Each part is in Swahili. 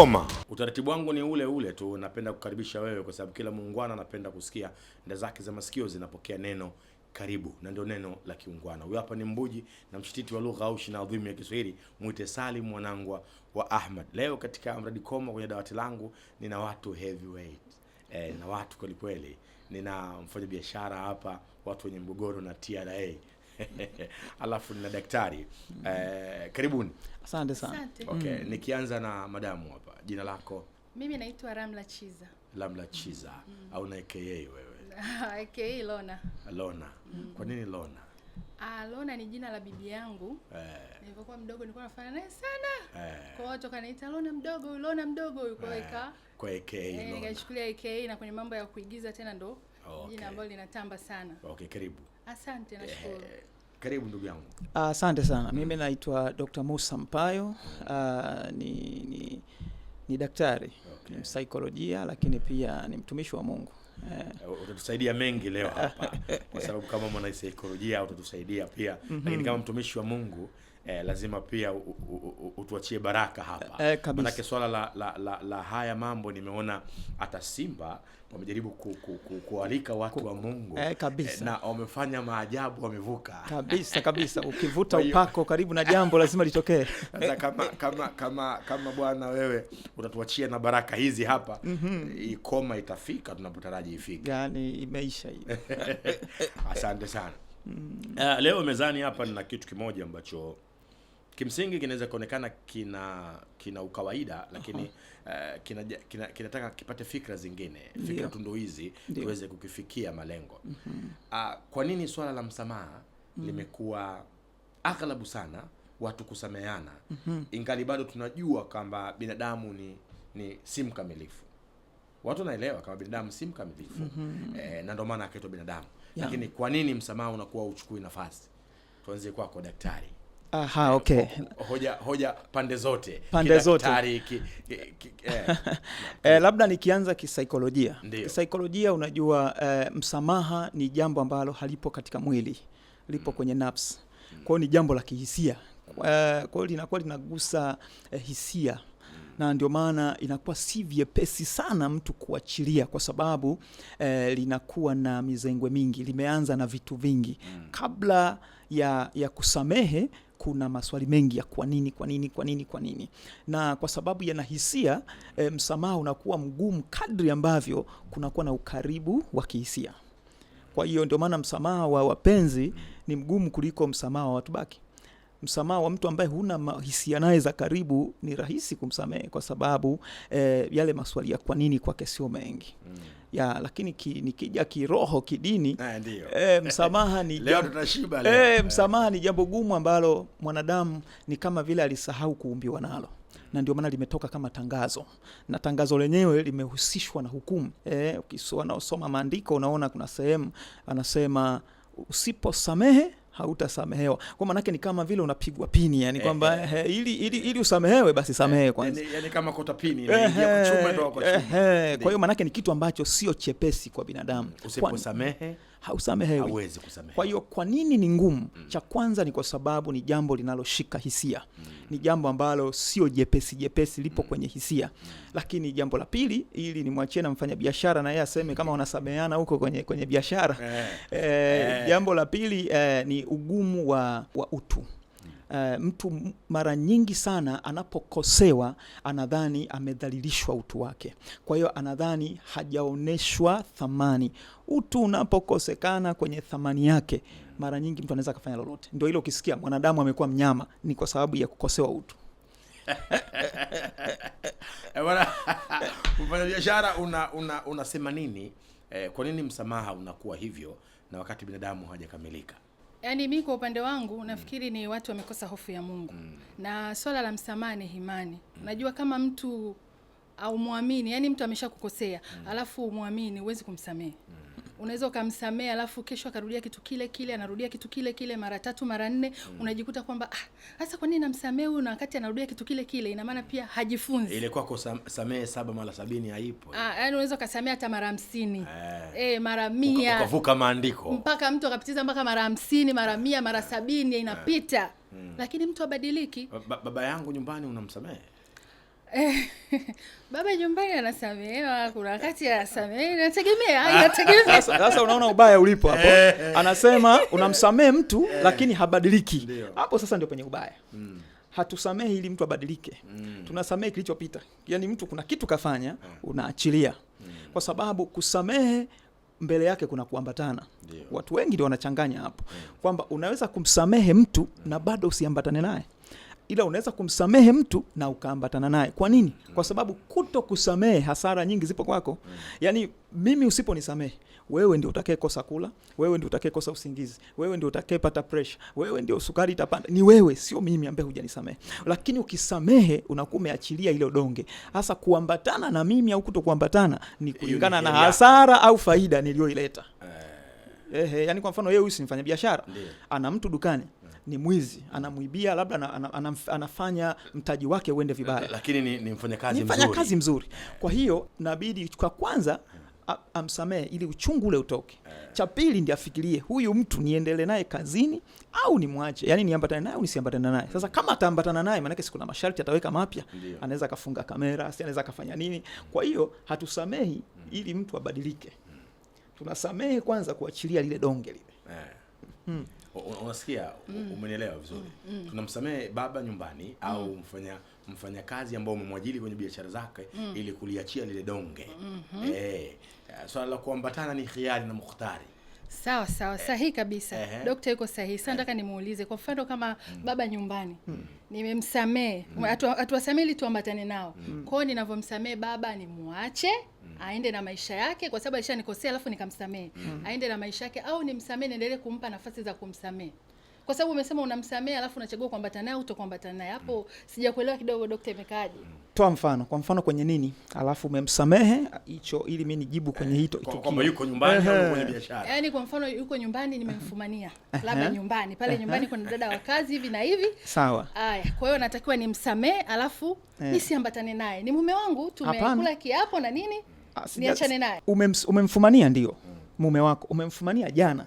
koma. Utaratibu wangu ni ule ule tu, napenda kukaribisha wewe kwa sababu kila muungwana anapenda kusikia nda zake za masikio zinapokea neno karibu, na ndio neno la kiungwana. Huyu hapa ni mbuji na mshititi wa lugha aushi na adhimu ya Kiswahili, mwite Salim mwanangwa wa Ahmad. Leo katika mradi koma, kwenye dawati langu nina watu heavyweight e, na watu kwelikweli, nina mfanyabiashara hapa, watu wenye mgogoro na TRA alafu nina daktari mm. Eh, karibuni. Asante sana. Mm. Okay, mm. Nikianza na madamu hapa, jina lako? Mimi naitwa Ramla Chiza. Ramla Chiza mm. mm. au naeke wewe? AKA Lona. Lona. Mm. Kwa nini Lona? Ah, Lona ni jina la bibi yangu. Eh. Nilipokuwa mdogo nilikuwa nafanya naye sana. Eh. Kwa hiyo toka Lona mdogo huyu, Lona mdogo huyu kwa eka. Eh, kwa AKA eh, Lona. Nikachukulia AKA na kwenye mambo ya kuigiza tena ndo oh, okay. Jina ambalo linatamba sana. Okay, karibu. Asante eh, nashukuru. karibu ndugu yangu. Asante sana. Mimi naitwa Dr. Musa Mpayo. Uh, ni, ni, ni daktari okay. Ni msaikolojia lakini pia ni mtumishi wa Mungu. Uh, utatusaidia mengi leo hapa kwa sababu kama mwanasaikolojia utatusaidia pia mm -hmm. Lakini kama mtumishi wa Mungu eh, lazima pia utuachie baraka hapa eh, manake swala la, la, la, la haya mambo nimeona hata Simba wamejaribu ku, ku, ku, kualika watu wa Mungu e, kabisa. Eh, na wamefanya maajabu, wamevuka kabisa kabisa. Ukivuta upako karibu na jambo lazima litokee. kama kama kama kama Bwana wewe utatuachia na baraka hizi hapa mm -hmm. Ikoma itafika tunapotaraji ifike, yani imeisha hiyo asante sana. Mm. Uh, leo mezani hapa nina kitu kimoja ambacho kimsingi kinaweza kuonekana kina kina ukawaida lakini uh, kina, kina, kinataka kipate fikra zingine fikra hizi tuweze kukifikia malengo uh, kwa nini swala la msamaha mm -hmm. limekuwa aghlabu sana watu kusameheana mm -hmm. ingali bado tunajua kwamba binadamu ni ni si mkamilifu watu wanaelewa kama binadamu si mkamilifu mm -hmm. eh, na ndio maana akaitwa binadamu yeah. lakini kwa nini msamaha unakuwa uchukui nafasi tuanzie kwako daktari Aha, eh, okay. Hoja, hoja pande zote pande zote ki, ki, ki, eh. Eh, labda nikianza kisaikolojia. Kisaikolojia unajua eh, msamaha ni jambo ambalo halipo katika mwili, lipo mm. kwenye nafsi mm. Kwa ni jambo la kihisia mm. eh, kwa linakuwa linagusa eh, hisia mm. na ndio maana inakuwa si vyepesi sana mtu kuachilia kwa sababu eh, linakuwa na mizengwe mingi, limeanza na vitu vingi mm. kabla ya, ya kusamehe kuna maswali mengi ya kwa nini, kwa nini, kwa nini, kwa nini, na kwa sababu yana hisia e, msamaha unakuwa mgumu kadri ambavyo kunakuwa na ukaribu wa kihisia. Kwa hiyo ndio maana msamaha wa wapenzi ni mgumu kuliko msamaha wa watu baki msamaha wa mtu ambaye huna hisia naye za karibu ni rahisi kumsamehe kwa sababu eh, yale maswali ya kwa nini kwake sio mengi mm. ya lakini ki, nikija kiroho kidini eh, eh msamaha ni leo eh, eh, msamaha ni jambo gumu ambalo mwanadamu ni kama vile alisahau kuumbiwa nalo na ndio maana limetoka kama tangazo na tangazo lenyewe limehusishwa na hukumu. Eh, ukisoma maandiko unaona kuna sehemu anasema usiposamehe hautasamehewa. Kwa maanake ni kama vile unapigwa pini, yani eh, kwamba eh, eh, ili, ili, ili usamehewe basi eh, samehe kwanza, yani kama kota pini eh, kuchuma Kwa hiyo maanake ni kitu ambacho sio chepesi kwa binadamu. Mm, usiposamehe hausamehewi, Kwa hiyo kwa nini ni ngumu? mm. Cha kwanza ni kwa sababu ni jambo linaloshika hisia mm. Ni jambo ambalo sio jepesi jepesi, lipo mm. kwenye hisia mm. Lakini jambo la pili, ili nimwachie na mfanya biashara na yeye aseme kama wanasameana huko kwenye, kwenye biashara eh. Eh, eh. Jambo la pili eh, ni ugumu wa, wa utu uh, mtu mara nyingi sana anapokosewa anadhani amedhalilishwa utu wake, kwa hiyo anadhani hajaoneshwa thamani. Utu unapokosekana kwenye thamani yake, mara nyingi mtu anaweza akafanya lolote. Ndio hilo, ukisikia mwanadamu amekuwa mnyama ni kwa sababu ya kukosewa utu. Eh, mfanyabiashara, una unasema una nini eh? Kwa nini msamaha unakuwa hivyo na wakati binadamu hajakamilika? Yaani mi kwa upande wangu nafikiri ni watu wamekosa hofu ya Mungu mm. na swala la msamaha ni imani mm. Najua kama mtu au muamini, yani mtu ameshakukosea mm. alafu muamini, huwezi kumsamehe mm unaweza ukamsamea, alafu kesho akarudia kitu kile kile, anarudia kitu kile kile mara tatu mara nne mm. Unajikuta kwamba ah, hasa ah, kwa nini namsamea huyu na wakati anarudia kitu kile kile? Ina maana pia hajifunzi. Ile kwako samee saba mara sabini haipo ah, yani unaweza ukasamea hata mara hamsini eh, eh mara mia ukavuka maandiko mpaka mtu akapitiza mpaka mara hamsini mara mia mara eh. sabini eh. inapita Hmm. Lakini mtu abadiliki. Ba, baba yangu nyumbani unamsamehe Baba nyumbani anasamehewa, kuna wakati anasamehe, nategemea ah. Sasa unaona ubaya ulipo hapo, eh. anasema unamsamehe mtu eh. lakini habadiliki. Hapo sasa ndio penye ubaya mm. hatusamehi ili mtu abadilike mm. Tunasamehe kilichopita, yaani mtu kuna kitu kafanya mm. unaachilia mm. Kwa sababu kusamehe mbele yake kuna kuambatana. Watu wengi ndio wanachanganya hapo mm. Kwamba unaweza kumsamehe mtu mm. na bado usiambatane naye ila unaweza kumsamehe mtu na ukaambatana naye. Kwa nini? Kwa sababu kuto kusamehe hasara nyingi zipo kwako. Yani mimi usiponisamehe wewe ndio utakayekosa kula, wewe ndio utakayekosa usingizi, wewe ndio utakayepata pressure, wewe ndio sukari itapanda. Ni wewe, sio mimi ambaye hujanisamehe. Lakini ukisamehe unakuwa umeachilia ile donge. Hasa kuambatana na mimi au kuto kuambatana ni kulingana na hasara au faida niliyoileta. Eh. Ehe, yani kwa mfano yeye huyu si mfanyabiashara, ana mtu dukani ni mwizi, anamwibia labda ana, ana, anafanya mtaji wake uende vibaya, lakini ni, ni mfanyakazi mzuri. kazi mzuri, kwa hiyo nabidi kwa kwanza amsamehe ili uchungu ule utoke. Eh. Cha pili ndi afikirie huyu mtu niendele naye kazini au nimwache, yani niambatane naye au nisiambatane naye. Sasa kama ataambatana naye, maanake sikuna masharti ataweka mapya, anaweza akafunga kamera, si anaweza akafanya nini. Kwa hiyo hatusamehi hmm. ili mtu abadilike, hmm. tunasamehe kwanza kuachilia lile donge lile. Eh. Hmm unasikia mm. Umenielewa vizuri mm, mm. Tunamsamehe baba nyumbani mm. au mfanya mfanyakazi ambao umemwajili kwenye biashara zake mm. ili kuliachia lile donge mm -hmm. E, swala la kuambatana ni khiali na mukhtari Sawa sawa, eh. sahihi kabisa. Ehe. Dokta yuko sahihi. Sasa eh. nataka nimuulize kwa mfano kama mm. baba nyumbani mm. nimemsamehe mm. atuwasamehe ili tuambatane nao mm. kwao, ninavyomsamehe baba nimwache mm. aende na maisha yake, kwa sababu alishanikosea alafu nikamsamehe mm. aende na maisha yake, au nimsamehe niendelee kumpa nafasi za kumsamehe? kwa sababu umesema unamsamea alafu unachagua kuambatana naye au naye. Hapo sijakuelewa kidogo, dokta imekaaje? Toa mfano. Kwa mfano kwenye nini? Alafu umemsamehe hicho, ili mimi nijibu kwenye eh, hito tukio kwamba yuko nyumbani au kwenye biashara. Yaani kwa mfano yuko nyumbani, nimemfumania labda nyumbani pale, nyumbani kuna dada wa kazi hivi na hivi, sawa. Haya, kwa hiyo natakiwa nimsamehe, alafu nisiambatane eh. naye, ni mume wangu, tumekula kiapo na nini, ah, niachane naye. Umemfumania, ndio mume wako, umemfumania jana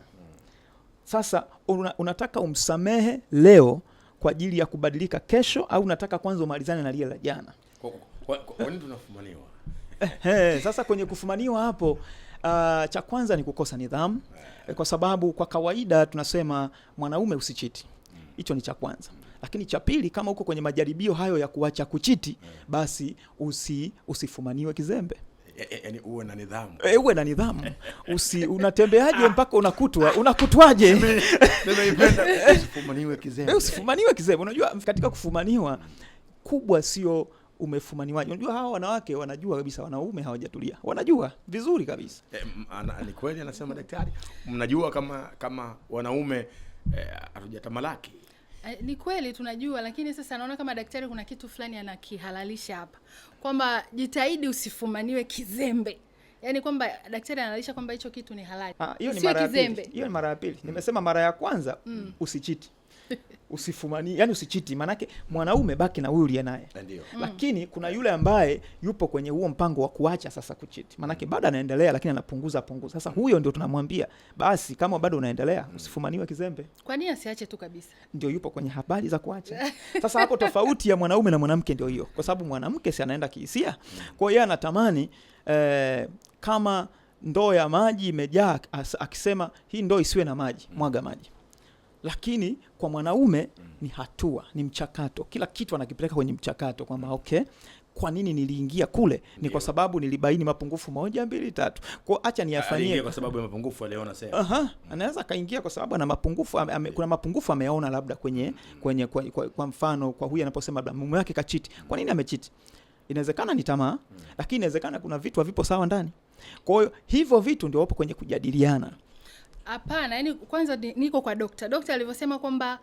sasa una, unataka umsamehe leo kwa ajili ya kubadilika kesho, au unataka kwanza umalizane na lile la jana? Kwa Sasa kwenye kufumaniwa hapo, uh, cha kwanza ni kukosa nidhamu, eh. kwa sababu kwa kawaida tunasema mwanaume usichiti, mm. hicho ni cha kwanza lakini cha pili, kama uko kwenye majaribio hayo ya kuacha kuchiti, eh. basi usi usifumaniwe kizembe. Eh, eh, uwe na nidhamu e, uwe na nidhamu usi unatembeaje mpaka unakutwa unakutwaje? usifumaniwe kizembe, Unajua, katika kufumaniwa kubwa sio umefumaniwaje. Unajua, hawa wanawake wanajua kabisa wanaume hawajatulia, wanajua vizuri kabisa e, ana, ni kweli anasema daktari, mnajua kama kama wanaume atujatamalaki e, Eh, ni kweli tunajua, lakini sasa naona kama daktari kuna kitu fulani anakihalalisha hapa, kwamba jitahidi usifumaniwe kizembe, yaani kwamba daktari analalisha kwamba hicho kitu ni halali. Ah, hiyo ni mara ya pili, nimesema mara ya kwanza mm. usichiti usifumanie, yani usichiti, maanake mwanaume baki na huyu uliye naye. Mm. Lakini kuna yule ambaye yupo kwenye huo mpango wa kuacha sasa kuchiti, maanake mm. bado anaendelea, lakini anapunguza punguza. Sasa huyo ndio tunamwambia basi, kama bado unaendelea mm. usifumaniwe kizembe. Kwa nini asiache tu kabisa? Ndio yupo kwenye habari za kuacha. Sasa hapo tofauti ya mwanaume na mwanamke ndio hiyo, kwa sababu mwanamke si anaenda kihisia, kwa hiyo anatamani eh, kama ndoo ya maji imejaa, akisema hii ndoo isiwe na maji, mwaga maji lakini kwa mwanaume mm. ni hatua, ni mchakato. Kila kitu anakipeleka kwenye mchakato kwamba mm. okay, kwa nini niliingia kule? Ni kwa sababu nilibaini mapungufu moja mbili tatu, kwa acha ah, niyafanyie. Kwa sababu ya mapungufu aliona sema, aha, mm. anaweza akaingia kwa sababu ana mapungufu ame, kuna mapungufu ameona labda kwenye, kwenye kwa, kwa, kwa mfano kwa huyu anaposema labda mume wake kachiti. Kwa nini amechiti? Inawezekana ni tamaa, lakini inawezekana kuna vitu havipo sawa ndani. Kwa hiyo hivyo vitu ndio wapo kwenye kujadiliana. Hapana, yani kwanza niko kwa dokta. Dokta alivyosema kwamba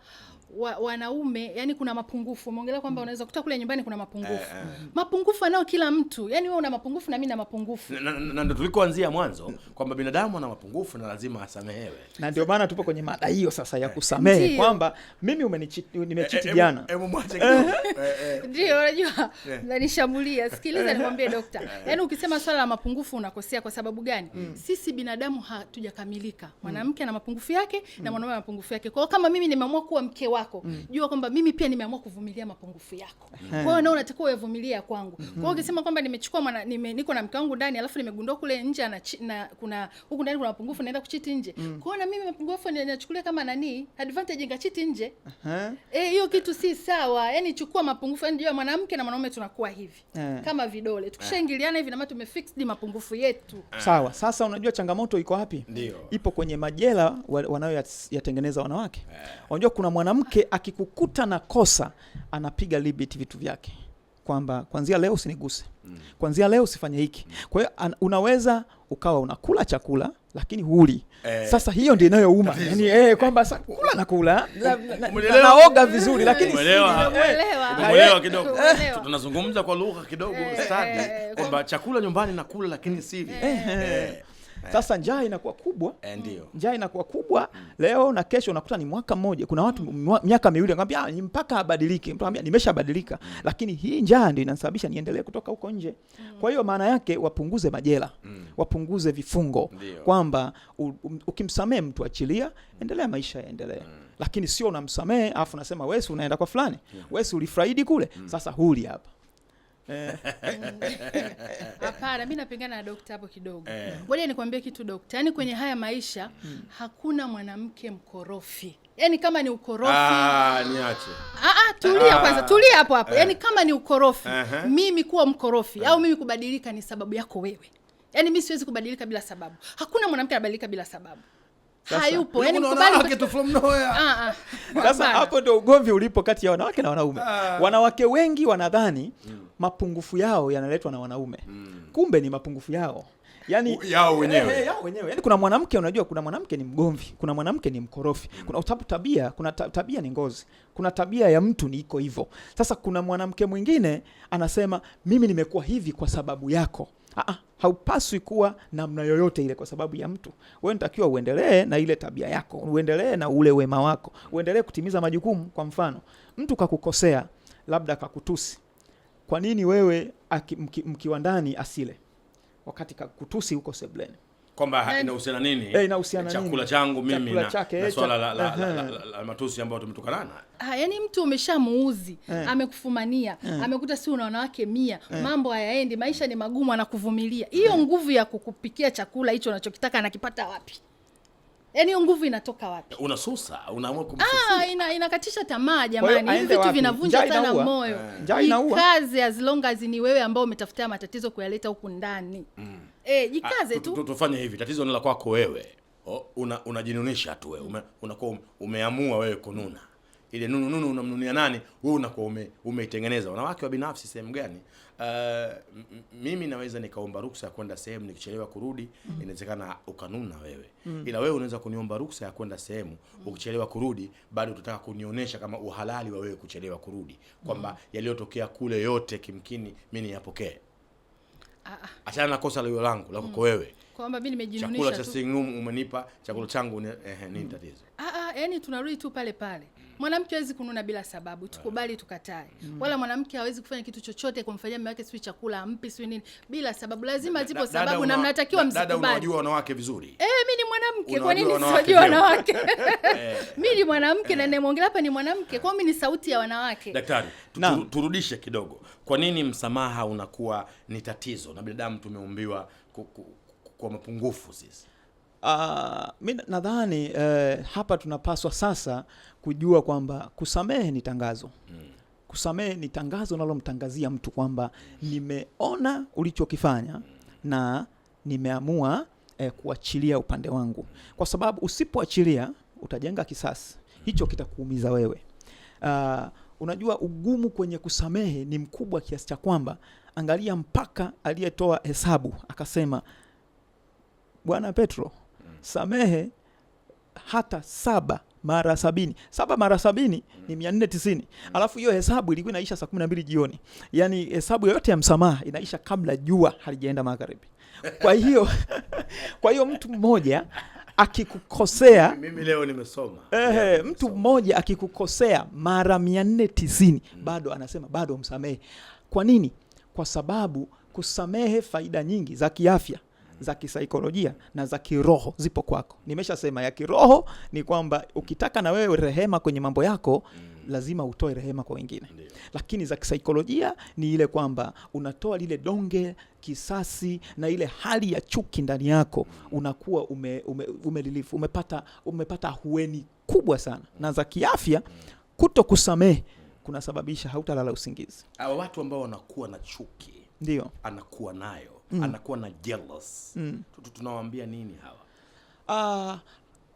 wa, wanaume yani kuna mapungufu. Umeongelea kwamba mm. unaweza kuta kule nyumbani kuna mapungufu eh, eh. Mapungufu anao kila mtu, yani wewe una mapungufu na mimi na mapungufu, na ndio tulikoanzia mwanzo kwamba binadamu ana mapungufu na lazima asamehewe, na ndio maana tupo kwenye mada hiyo sasa ya eh. kusamehe, kwamba mimi umenichiti eh, eh, jana, hebu mwache ndio unajua nanishambulia. Sikiliza nikwambie dokta, yani ukisema swala la mapungufu unakosea. Kwa sababu gani? mm. Sisi binadamu hatujakamilika. Mm. Mwanamke mm. ana mapungufu yake mm. na mwanaume ana mapungufu yake. Kwa kama mimi nimeamua kuwa mke wa wako mm. jua kwamba mimi pia nimeamua kuvumilia mapungufu yako mm. kwa hiyo nao unatakiwa uyavumilie ya kwangu mm. kwa hiyo ukisema kwamba nimechukua mwana, nime, niko na mke wangu ndani alafu nimegundua kule nje na, na kuna huku ndani kuna mapungufu naenda kuchiti nje mm. kwao na mimi mapungufu ninachukulia kama nani advantage ngachiti nje uh-huh. eh hiyo kitu si sawa yani chukua mapungufu yani jua mwanamke na mwanaume tunakuwa hivi Aha. Eh. kama vidole tukishaingiliana hivi na maana tumefix mapungufu yetu eh. sawa sasa unajua changamoto iko wapi ipo kwenye majela wanayoyatengeneza wanawake eh. unajua kuna mwanamke mwanamke akikukuta na kosa anapiga libit vitu vyake kwamba kwanzia leo usiniguse, kwanzia leo usifanye hiki. Kwa hiyo unaweza ukawa unakula chakula lakini huli eh. Sasa hiyo ndio inayouma yani, eh, kwamba sasa kula na kula naoga vizuri lakini umelewa kidogo, tunazungumza kwa lugha kidogo eh, stadi eh, eh, kwamba chakula nyumbani nakula lakini sili eh. Eh. Sasa njaa inakuwa kubwa, eh, ndio mm. njaa inakuwa kubwa leo na kesho, unakuta ni mwaka mmoja. Kuna watu mm. miaka miwili anakuambia ah, mpaka abadilike, mtu anambia nimeshabadilika, mm. lakini hii njaa ndio inasababisha niendelee kutoka huko nje. Kwa hiyo maana yake wapunguze majela, wapunguze vifungo, kwamba ukimsamehe mtu achilia, endelea maisha yaendelee lakini sio unamsamehe, afu unasema wewe unaenda kwa fulani, wewe ulifraidi kule, sasa huli hapa. Eh. Hapana, mi napingana na dokta hapo kidogo. Eh. Ngoja nikwambie kitu dokta, yaani kwenye haya maisha hmm, hakuna mwanamke mkorofi. Yaani kama ni ukorofi ah, niache. Ah, ah tulia ah. kwanza, tulia hapo hapo. Yaani eh. kama ni ukorofi, mimi kuwa mkorofi au mimi kubadilika ni sababu yako wewe. Yaani mi siwezi kubadilika bila sababu. Hakuna mwanamke anabadilika bila sababu hayupo yani mkubali kwa... tu from nowhere. Ah ah. Sasa hapo ndio ugomvi ulipo kati ya wanawake na wanaume. Ah. Wanawake wengi wanadhani mm. mapungufu yao yanaletwa na wanaume mm. kumbe ni mapungufu yao yani eh, eh, yao wenyewe hey, yao wenyewe yani, kuna mwanamke unajua, kuna mwanamke ni mgomvi, kuna mwanamke ni mkorofi, mm. kuna utabu tabia, kuna tabia ni ngozi, kuna tabia ya mtu ni iko hivyo. Sasa kuna mwanamke mwingine anasema mimi nimekuwa hivi kwa sababu yako. Aa, haupaswi kuwa namna yoyote ile kwa sababu ya mtu. Wewe unatakiwa uendelee na ile tabia yako, uendelee na ule wema wako, uendelee kutimiza majukumu. Kwa mfano, mtu kakukosea, labda kakutusi, kwa nini wewe mkiwa mki ndani asile wakati kutusi huko sebleni kwamba inahusiana nini eh, inahusiana eh, nini chakula changu mimi na, chake, na eh, swala la, la, la, la, la matusi ambayo tumetokana ha, ah, yani mtu umeshamuuzi amekufumania amekuta si una wanawake mia, mambo hayaendi, maisha ni magumu, anakuvumilia. Hiyo nguvu ya kukupikia chakula hicho unachokitaka anakipata wapi? Yaani hiyo nguvu inatoka wapi? Unasusa, unaamua kumsusa. Ah, ina, inakatisha tamaa jamani. Hivi vitu vinavunja sana moyo. Eh. Jikaze as long as ni wewe ambao umetafutia matatizo kuyaleta huku ndani. Mm. Eh, jikaze ah, tu. Tufanye hivi, tatizo ni la kwako wewe. Unajinunisha tu wewe. Unakuwa umeamua wewe kununa ile nunu nunu unamnunia nani? Wewe unakuwa ume, umeitengeneza. Wanawake wa binafsi sehemu gani? Uh, mimi naweza nikaomba ruksa ya kwenda sehemu nikichelewa kurudi mm Inawezekana ukanuna wewe mm Ila wewe unaweza kuniomba ruksa ya kwenda sehemu mm Ukichelewa kurudi bado tutataka kunionyesha kama uhalali wa wewe kuchelewa kurudi kwamba mm Yaliyotokea kule yote kimkini mimi niyapokee. Ah, ah. na kosa lilo langu la kwako mm. wewe kwamba mimi nimejinunisha tu. Chakula cha singum umenipa, chakula mm. changu ni, eh, ni tatizo. Ah ah, yani tunarudi tu pale pale. Mwanamke hawezi kununa bila sababu, tukubali tukatae. Mm. Wala mwanamke hawezi kufanya kitu chochote kumfanyia mume wake, si chakula ampi, sio nini, bila sababu. Lazima zipo sababu na mnatakiwa msikubali. Dada, unajua wanawake vizuri. Eh, mimi ni mwanamke, kwa nini sijui wanawake? Mimi eh. ni mwanamke na nimwongelea hapa ni mwanamke, kwa mimi ni sauti ya wanawake. Daktari, turudishe kidogo. Kwa nini msamaha unakuwa ni tatizo na binadamu tumeumbiwa kwa mapungufu sisi? Uh, mi nadhani uh, hapa tunapaswa sasa kujua kwamba kusamehe ni tangazo Kusamehe ni tangazo unalomtangazia mtu kwamba nimeona ulichokifanya na nimeamua eh, kuachilia upande wangu, kwa sababu usipoachilia utajenga kisasi hicho kitakuumiza wewe. Uh, unajua ugumu kwenye kusamehe ni mkubwa kiasi cha kwamba, angalia mpaka aliyetoa hesabu akasema Bwana Petro samehe hata saba mara sabini. Saba mara sabini ni mia nne tisini. Alafu hiyo hesabu ilikuwa inaisha saa kumi na mbili jioni, yaani hesabu yoyote ya msamaha inaisha kabla jua halijaenda magharibi. Kwa hiyo kwa hiyo mtu mmoja akikukosea mimi leo nimesoma. Ehe, mtu mmoja akikukosea mara mia nne tisini mm. bado anasema bado msamehe. Kwa nini? Kwa sababu kusamehe faida nyingi za kiafya za kisaikolojia na za kiroho zipo kwako. Nimeshasema ya kiroho ni kwamba ukitaka na wewe rehema kwenye mambo yako mm. lazima utoe rehema kwa wengine Ndiyo. Lakini za kisaikolojia ni ile kwamba unatoa lile donge kisasi na ile hali ya chuki ndani yako, mm. unakuwa ume, ume, umelilifu umepata, umepata hueni kubwa sana, mm. na za kiafya kuto kusamehe kunasababisha hautalala usingizi. Hawa watu ambao wanakuwa na chuki ndio anakuwa nayo mm. anakuwa na jealous mm. tunawaambia nini hawa? Uh,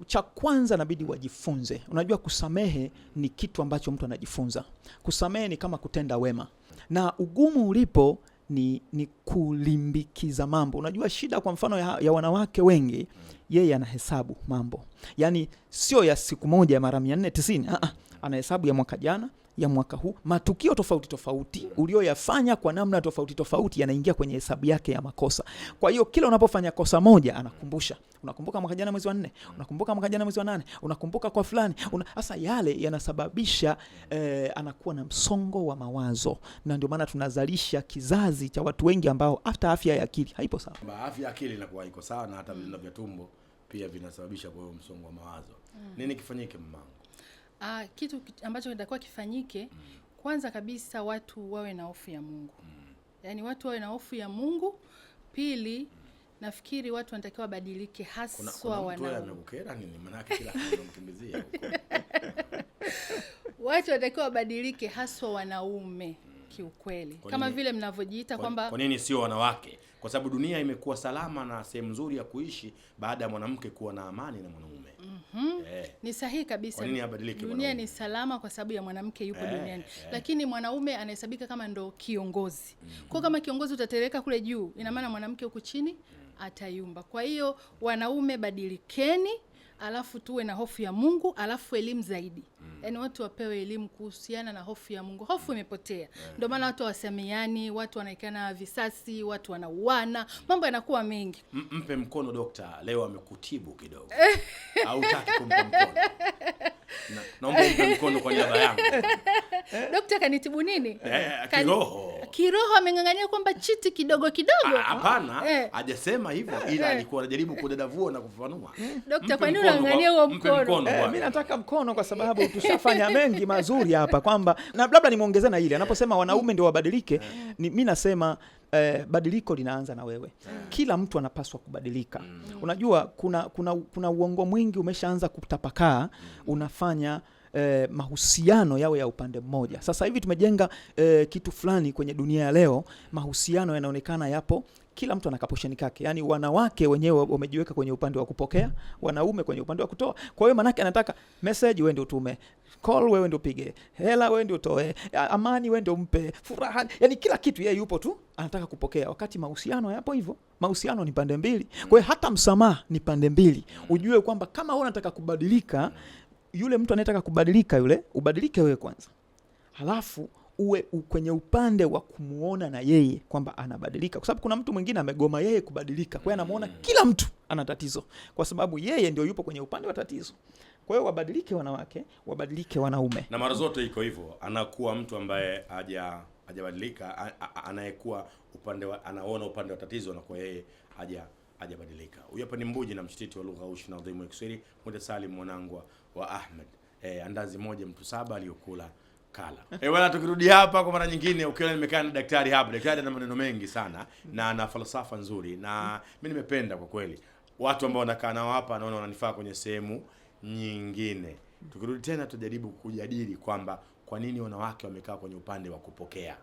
cha kwanza inabidi wajifunze. Unajua, kusamehe ni kitu ambacho mtu anajifunza. Kusamehe ni kama kutenda wema, na ugumu ulipo ni, ni kulimbikiza mambo. Unajua shida kwa mfano ya, ya wanawake wengi, yeye anahesabu mambo, yaani sio ya siku moja ya mara mia nne tisini, ah, ah, anahesabu ya mwaka jana ya mwaka huu, matukio tofauti tofauti ulioyafanya kwa namna tofauti tofauti yanaingia kwenye hesabu yake ya makosa. Kwa hiyo kila unapofanya kosa moja anakumbusha, unakumbuka mwaka jana mwezi wa nne, unakumbuka mwaka jana mwezi wa nane, unakumbuka kwa fulani. hasa yale yanasababisha eh, anakuwa na msongo wa mawazo, na ndio maana tunazalisha kizazi cha watu wengi ambao hata afya ya akili haipo sawa. Afya ya akili inakuwa iko sawa, na hata vidonda vya tumbo pia vinasababisha kwa msongo wa mawazo. Mm. Nini kifanyike mmangu? Uh, kitu ambacho kitakuwa kifanyike mm. Kwanza kabisa watu wawe na hofu ya Mungu mm. Yaani watu wawe na hofu ya Mungu. Pili mm. Nafikiri watu wanatakiwa wabadilike, haswa wanaume. Watu wanatakiwa wabadilike, haswa wanaume mm. kiukweli, kama vile mnavyojiita kwamba kwa nini sio wanawake, kwa sababu dunia imekuwa salama na sehemu nzuri ya kuishi baada ya mwanamke kuwa na amani na mwanaume Mm -hmm. Yeah. Ni sahihi kabisa. Dunia ni salama kwa sababu ya mwanamke yupo yeah, duniani yeah. Lakini mwanaume anahesabika kama ndo kiongozi mm -hmm. Kwa kama kiongozi utatereka kule juu, ina maana mwanamke huku chini mm -hmm. atayumba. Kwa hiyo wanaume, badilikeni alafu tuwe na hofu ya Mungu, alafu elimu zaidi mm. Yaani watu wapewe elimu kuhusiana na hofu ya Mungu. Hofu imepotea mm. Ndio maana watu hawasameheani, watu wanaikana visasi, watu wanauana, mambo yanakuwa mengi. M mpe mkono dokta, leo amekutibu kidogo au utaki kumpa mkono? Naomba mkono kwa niaba yangu dokta. Kanitibu nini? Eh, kiroho kiroho ameng'ang'ania kwamba chiti kidogo kidogo. Ah, hapana, eh. hajasema hivyo, eh, ila eh. alikuwa anajaribu kudadavua na kufafanua. Daktari, kwa nini unang'ang'ania huo mkono? Mimi nataka mkono kwa sababu tushafanya mengi mazuri hapa, kwamba na labda nimuongezee na ile anaposema wanaume ndio wabadilike, mimi nasema Eh, badiliko linaanza na wewe. Kila mtu anapaswa kubadilika. Mm. Unajua kuna, kuna, kuna uongo mwingi umeshaanza kutapakaa, mm. unafanya eh, mahusiano yawe ya upande mmoja. Sasa hivi tumejenga eh, kitu fulani kwenye dunia ya leo, mahusiano yanaonekana yapo kila mtu ana kaposheni kake, yaani wanawake wenyewe wamejiweka kwenye upande wa kupokea, wanaume kwenye upande wa kutoa. Kwa hiyo manake anataka message, wewe ndio utume call, wewe ndio upige hela, wewe ndio utoe amani, wewe ndio mpe furaha, yaani kila kitu yeye yupo tu anataka kupokea, wakati mahusiano yapo hivyo. Mahusiano ni pande mbili, kwa hiyo hata msamaha ni pande mbili. Ujue kwamba kama wewe unataka kubadilika yule mtu anayetaka kubadilika yule, ubadilike wewe kwanza, halafu uwe kwenye upande wa kumuona na yeye kwamba anabadilika, kwa sababu kuna mtu mwingine amegoma yeye kubadilika, kwa hiyo anamuona mm. kila mtu ana tatizo, kwa sababu yeye ndio yupo kwenye upande wa tatizo. Kwa hiyo wabadilike wanawake, wabadilike wanaume, na mara zote iko hivyo, anakuwa mtu ambaye haja hajabadilika, anayekuwa upande wa, anaona upande wa tatizo, anakuwa yeye haja hajabadilika. Huyu hapa ni mbuji na mshititi wa lugha ushi na udhimu wa Kiswahili, Muda Salim mwanangu wa Ahmed. E, andazi moja mtu saba aliyokula kala. E, wala tukirudi hapa kwa mara nyingine, ukiona nimekaa na daktari hapa, daktari ana maneno mengi sana na ana falsafa nzuri, na mimi nimependa kwa kweli watu ambao wanakaa nao hapa, naona wananifaa kwenye sehemu nyingine. Tukirudi tena tutajaribu kujadili kwamba kwa nini wanawake wamekaa kwenye upande wa kupokea